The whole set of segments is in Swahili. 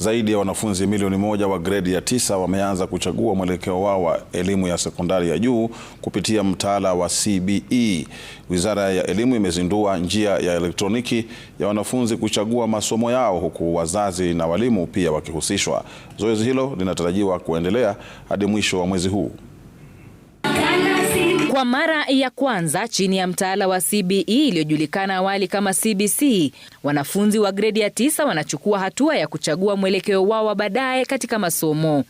Zaidi ya wanafunzi milioni moja wa gredi ya tisa wameanza kuchagua mwelekeo wao wa elimu ya sekondari ya juu kupitia mtaala wa CBE. Wizara ya Elimu imezindua njia ya elektroniki ya wanafunzi kuchagua masomo yao huku wazazi na walimu pia wakihusishwa. Zoezi hilo linatarajiwa kuendelea hadi mwisho wa mwezi huu. Kwa mara ya kwanza chini ya mtaala wa CBE iliyojulikana awali kama CBC, wanafunzi wa gredi ya tisa wanachukua hatua ya kuchagua mwelekeo wao wa baadaye katika masomo.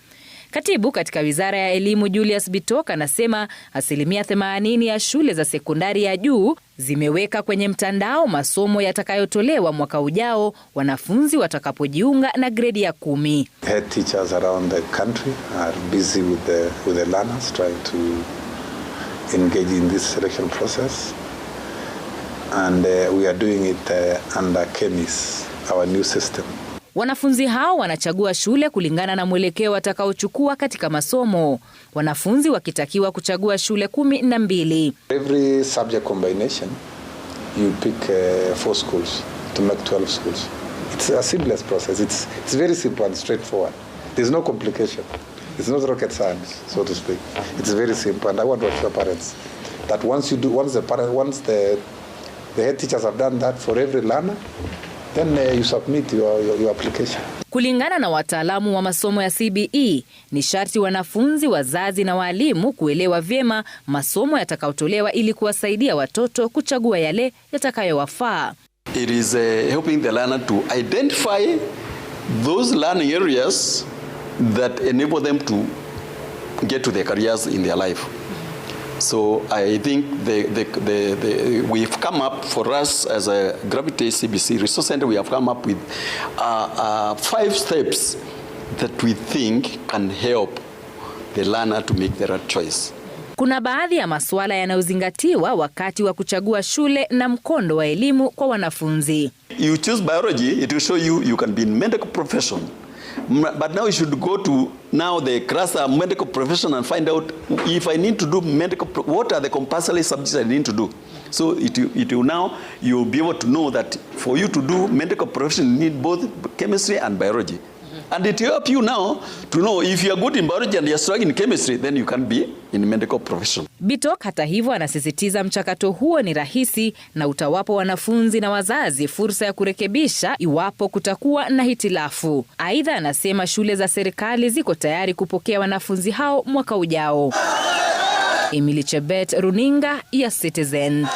Katibu katika Wizara ya Elimu Julius Bitok anasema asilimia 80 ya shule za sekondari ya juu zimeweka kwenye mtandao masomo yatakayotolewa mwaka ujao wanafunzi watakapojiunga na gredi ya kumi engaged in this selection process. And uh, we are doing it uh, under KEMIS, our new system. Wanafunzi hao wanachagua shule kulingana na mwelekeo watakaochukua katika masomo, wanafunzi wakitakiwa kuchagua shule kumi na mbili. Every subject combination you pick uh, four schools to make 12 schools. It's a seamless process. It's, it's very simple and straightforward. There's no complication. It's not rocket science, so to speak. It's very simple, and I want to assure parents that once you do, once the parents, once the the head teachers have done that for every learner, then uh, you submit your, your, your application. Kulingana na wataalamu wa masomo ya CBE, ni sharti wanafunzi, wazazi na waalimu kuelewa vyema masomo yatakayotolewa ili kuwasaidia watoto kuchagua yale yatakayowafaa. It is uh, helping the learner to identify those learning areas that enable them to get to their careers in their life. So I think the, the, the, the, we've come up for us as a Gravity CBC Resource Center, we have come up with uh, uh, five steps that we think can help the learner to make the right choice. Kuna baadhi ya masuala yanayozingatiwa wakati wa kuchagua shule na mkondo wa elimu kwa wanafunzi. You choose biology, it will show you you can be in medical profession. But now you should go to now the CRASA uh, medical profession and find out if I need to do medical, what are the compulsory subjects I need to do. So it, it will now, you'll be able to know that for you to do medical profession, you need both chemistry and biology. And it help you now to know if you are good in biology and you are strong in chemistry, then you can be in medical profession. Bitok hata hivyo anasisitiza mchakato huo ni rahisi na utawapa wanafunzi na wazazi fursa ya kurekebisha iwapo kutakuwa na hitilafu. Aidha, anasema shule za serikali ziko tayari kupokea wanafunzi hao mwaka ujao. Emily Chebet, Runinga ya Citizen.